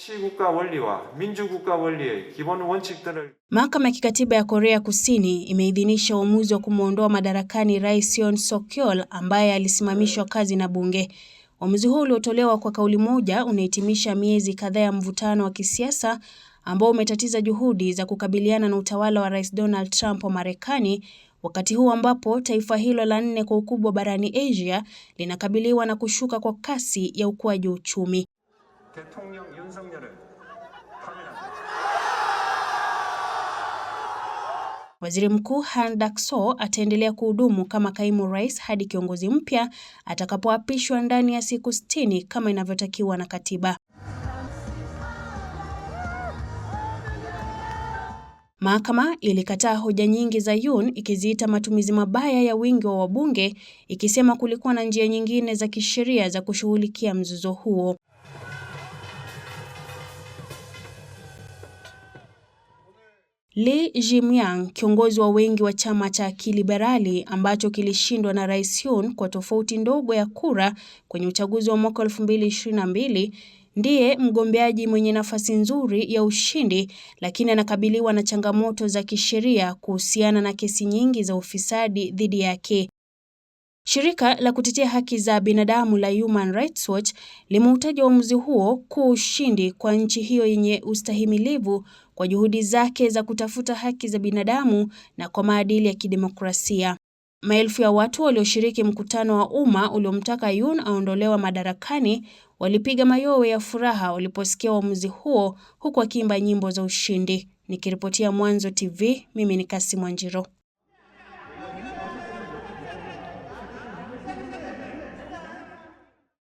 시국가 원리와 민주국가 원리의 기본 원칙들을 Mahakama ya Kikatiba ya Korea Kusini imeidhinisha uamuzi wa kumwondoa madarakani Rais Yoon Suk Yeol ambaye alisimamishwa kazi na bunge. Uamuzi huu uliotolewa kwa kauli moja unahitimisha miezi kadhaa ya mvutano wa kisiasa ambao umetatiza juhudi za kukabiliana na utawala wa Rais Donald Trump wa Marekani wakati huu ambapo taifa hilo la nne kwa ukubwa barani Asia linakabiliwa na kushuka kwa kasi ya ukuaji wa uchumi. Waziri Mkuu Han Dakso ataendelea kuhudumu kama kaimu rais hadi kiongozi mpya atakapoapishwa ndani ya siku 60 kama inavyotakiwa na katiba. Mahakama ilikataa hoja nyingi za Yoon ikiziita matumizi mabaya ya wingi wa wabunge ikisema kulikuwa na njia nyingine za kisheria za kushughulikia mzozo huo. Li Jimyang, kiongozi wa wengi wa chama cha Kiliberali ambacho kilishindwa na Rais Yoon kwa tofauti ndogo ya kura kwenye uchaguzi wa mwaka 2022, ndiye mgombeaji mwenye nafasi nzuri ya ushindi, lakini anakabiliwa na changamoto za kisheria kuhusiana na kesi nyingi za ufisadi dhidi yake. Shirika la kutetea haki za binadamu la Human Rights Watch limeutaja uamuzi huo kuwa ushindi kwa nchi hiyo yenye ustahimilivu kwa juhudi zake za kutafuta haki za binadamu na kwa maadili ya kidemokrasia. Maelfu ya watu walioshiriki mkutano wa umma uliomtaka Yun aondolewa madarakani walipiga mayowe ya furaha waliposikia uamuzi huo huku wakiimba nyimbo za ushindi. Nikiripotia Mwanzo TV, mimi ni Kasi